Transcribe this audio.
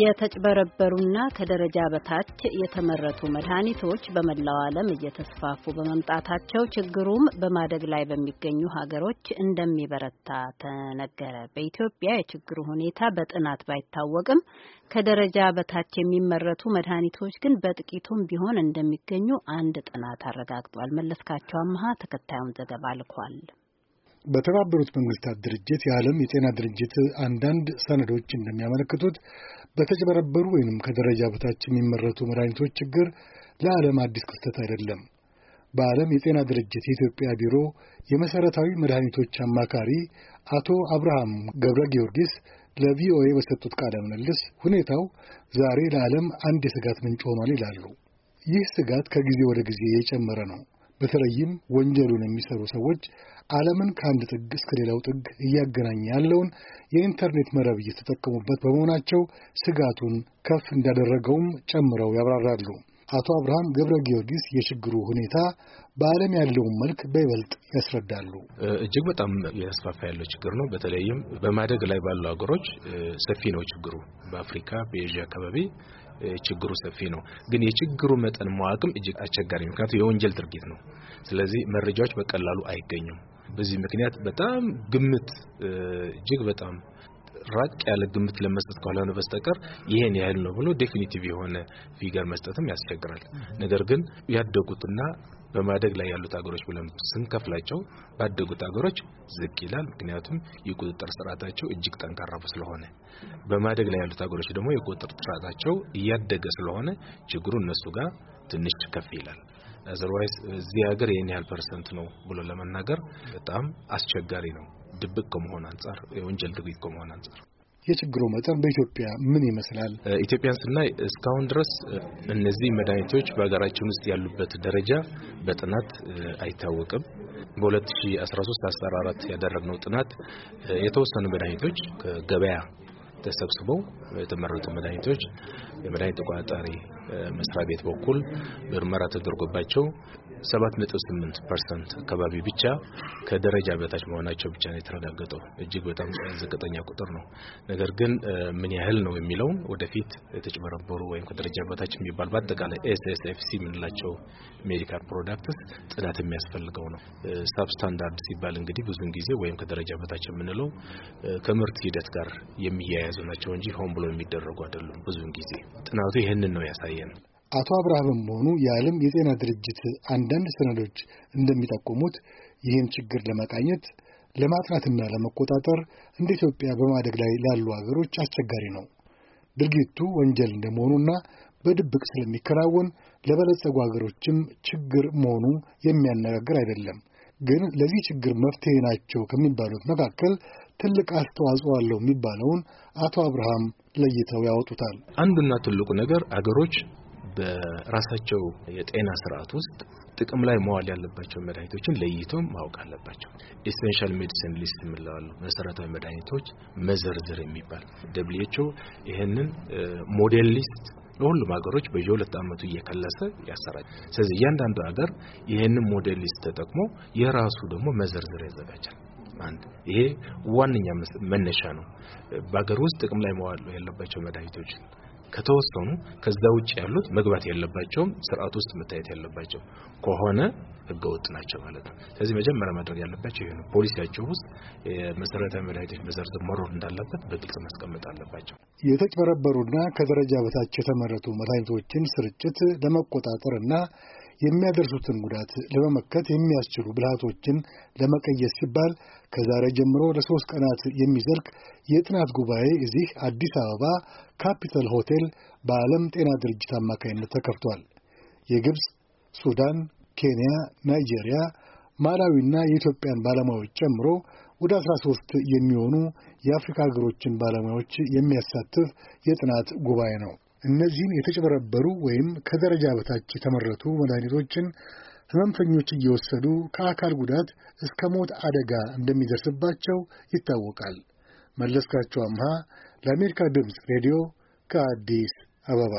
የተጭበረበሩና ከደረጃ በታች የተመረቱ መድኃኒቶች በመላው ዓለም እየተስፋፉ በመምጣታቸው ችግሩም በማደግ ላይ በሚገኙ ሀገሮች እንደሚበረታ ተነገረ። በኢትዮጵያ የችግሩ ሁኔታ በጥናት ባይታወቅም ከደረጃ በታች የሚመረቱ መድኃኒቶች ግን በጥቂቱም ቢሆን እንደሚገኙ አንድ ጥናት አረጋግጧል። መለስካቸው አመሃ ተከታዩን ዘገባ ልኳል። በተባበሩት መንግስታት ድርጅት የዓለም የጤና ድርጅት አንዳንድ ሰነዶች እንደሚያመለክቱት በተጨበረበሩ ወይንም ከደረጃ በታች የሚመረቱ መድኃኒቶች ችግር ለዓለም አዲስ ክስተት አይደለም። በዓለም የጤና ድርጅት የኢትዮጵያ ቢሮ የመሠረታዊ መድኃኒቶች አማካሪ አቶ አብርሃም ገብረ ጊዮርጊስ ለቪኦኤ በሰጡት ቃለ ምልልስ ሁኔታው ዛሬ ለዓለም አንድ የስጋት ምንጭ ሆኗል ይላሉ። ይህ ስጋት ከጊዜ ወደ ጊዜ የጨመረ ነው። በተለይም ወንጀሉን የሚሰሩ ሰዎች ዓለምን ከአንድ ጥግ እስከ ሌላው ጥግ እያገናኘ ያለውን የኢንተርኔት መረብ እየተጠቀሙበት በመሆናቸው ስጋቱን ከፍ እንዳደረገውም ጨምረው ያብራራሉ። አቶ አብርሃም ገብረ ጊዮርጊስ የችግሩ ሁኔታ በዓለም ያለውን መልክ በይበልጥ ያስረዳሉ። እጅግ በጣም የተስፋፋ ያለው ችግር ነው። በተለይም በማደግ ላይ ባሉ ሀገሮች ሰፊ ነው ችግሩ። በአፍሪካ በኤዥያ አካባቢ ችግሩ ሰፊ ነው። ግን የችግሩ መጠን መዋቅም እጅግ አስቸጋሪ፣ ምክንያቱም የወንጀል ድርጊት ነው። ስለዚህ መረጃዎች በቀላሉ አይገኙም። በዚህ ምክንያት በጣም ግምት እጅግ በጣም ራቅ ያለ ግምት ለመስጠት ካልሆነ በስተቀር ይሄን ያህል ነው ብሎ ዴፊኒቲቭ የሆነ ፊገር መስጠትም ያስቸግራል። ነገር ግን ያደጉትና በማደግ ላይ ያሉት ሀገሮች ብለን ስንከፍላቸው ባደጉት ሀገሮች ዝቅ ይላል። ምክንያቱም የቁጥጥር ስርዓታቸው እጅግ ጠንካራ ስለሆነ፣ በማደግ ላይ ያሉት ሀገሮች ደግሞ የቁጥጥር ስርዓታቸው እያደገ ስለሆነ ችግሩ እነሱ ጋር ትንሽ ከፍ ይላል። አዘርዋይስ እዚህ ሀገር ይህን ያህል ፐርሰንት ነው ብሎ ለመናገር በጣም አስቸጋሪ ነው። ድብቅ ከመሆን አንጻር የወንጀል ድርጊት ከመሆን አንጻር የችግሩ መጠን በኢትዮጵያ ምን ይመስላል? ኢትዮጵያን ስናይ እስካሁን ድረስ እነዚህ መድኃኒቶች በሀገራችን ውስጥ ያሉበት ደረጃ በጥናት አይታወቅም። በ2013 14 ያደረግነው ጥናት የተወሰኑ መድኃኒቶች ከገበያ ተሰብስበው የተመረጡ መድኃኒቶች የመድኃኒት ተቆጣጣሪ መስሪያ ቤት በኩል ምርመራ ተደርጎባቸው 7.8 ፐርሰንት አካባቢ ብቻ ከደረጃ በታች መሆናቸው ብቻ ነው የተረጋገጠው። እጅግ በጣም ዝቅተኛ ቁጥር ነው። ነገር ግን ምን ያህል ነው የሚለውን ወደፊት የተጭበረበሩ ወይም ከደረጃ በታች የሚባል በአጠቃላይ ኤስኤስኤፍሲ የምንላቸው ሜዲካል ፕሮዳክትስ ጥናት የሚያስፈልገው ነው። ስታንዳርድ ሲባል እንግዲህ ብዙን ጊዜ ወይም ከደረጃ በታች የምንለው ከምርት ሂደት ጋር የሚያያዙ ናቸው እንጂ ሆን ብሎ የሚደረጉ አይደሉም። ብዙ ጊዜ ጥናቱ ይህንን ነው ያሳያል። አቶ አብርሃምም ሆኑ የዓለም የጤና ድርጅት አንዳንድ ሰነዶች እንደሚጠቁሙት ይህን ችግር ለመቃኘት ለማጥናትና ለመቆጣጠር እንደ ኢትዮጵያ በማደግ ላይ ላሉ አገሮች አስቸጋሪ ነው። ድርጊቱ ወንጀል እንደመሆኑና በድብቅ ስለሚከናወን ለበለጸጉ አገሮችም ችግር መሆኑ የሚያነጋግር አይደለም። ግን ለዚህ ችግር መፍትሄ ናቸው ከሚባሉት መካከል ትልቅ አስተዋጽኦ አለው የሚባለውን አቶ አብርሃም ለይተው ያወጡታል። አንዱና ትልቁ ነገር አገሮች በራሳቸው የጤና ስርዓት ውስጥ ጥቅም ላይ መዋል ያለባቸው መድኃኒቶችን ለይቶ ማወቅ አለባቸው። ኤሴንሻል ሜዲሲን ሊስት የምለዋሉ መሰረታዊ መድኃኒቶች መዘርዝር የሚባል ደብሊው ኤች ኦ ይህንን ሞዴል ሊስት ለሁሉም ሀገሮች በየሁለት ዓመቱ እየከለሰ ያሰራል። ስለዚህ እያንዳንዱ ሀገር ይህንን ሞዴል ሊስት ተጠቅሞ የራሱ ደግሞ መዘርዝር ያዘጋጃል። አንድ ይሄ ዋነኛ መነሻ ነው። በሀገር ውስጥ ጥቅም ላይ መዋል ያለባቸው መድኃኒቶች ከተወሰኑ ከዛ ውጭ ያሉት መግባት ያለባቸውም ስርዓት ውስጥ መታየት ያለባቸው ከሆነ ህገወጥ ናቸው ማለት ነው። ስለዚህ መጀመሪያ ማድረግ ያለባቸው ይሄ ነው። ፖሊሲያቸው ውስጥ የመሰረታዊ መድኃኒቶች መዘርዝር መሮር እንዳለበት በግልጽ ማስቀመጥ አለባቸው። የተጭበረበሩና ከደረጃ በታች የተመረቱ መድኃኒቶችን ስርጭት ለመቆጣጠር እና የሚያደርሱትን ጉዳት ለመመከት የሚያስችሉ ብልሃቶችን ለመቀየስ ሲባል ከዛሬ ጀምሮ ለሶስት ቀናት የሚዘልቅ የጥናት ጉባኤ እዚህ አዲስ አበባ ካፒታል ሆቴል በዓለም ጤና ድርጅት አማካኝነት ተከፍቷል። የግብፅ፣ ሱዳን፣ ኬንያ፣ ናይጄሪያ፣ ማላዊና የኢትዮጵያን ባለሙያዎች ጨምሮ ወደ 13 የሚሆኑ የአፍሪካ ሀገሮችን ባለሙያዎች የሚያሳትፍ የጥናት ጉባኤ ነው። እነዚህን የተጨበረበሩ ወይም ከደረጃ በታች የተመረቱ መድኃኒቶችን ህመምተኞች እየወሰዱ ከአካል ጉዳት እስከ ሞት አደጋ እንደሚደርስባቸው ይታወቃል። መለስካቸው አምሃ ለአሜሪካ ድምፅ ሬዲዮ ከአዲስ አበባ